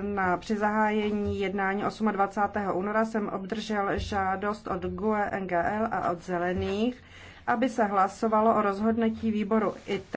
na při zahájení jednání 28. února jsem obdržel žádost od GUE NGL a od Zelených, aby se hlasovalo o rozhodnutí výboru IT e.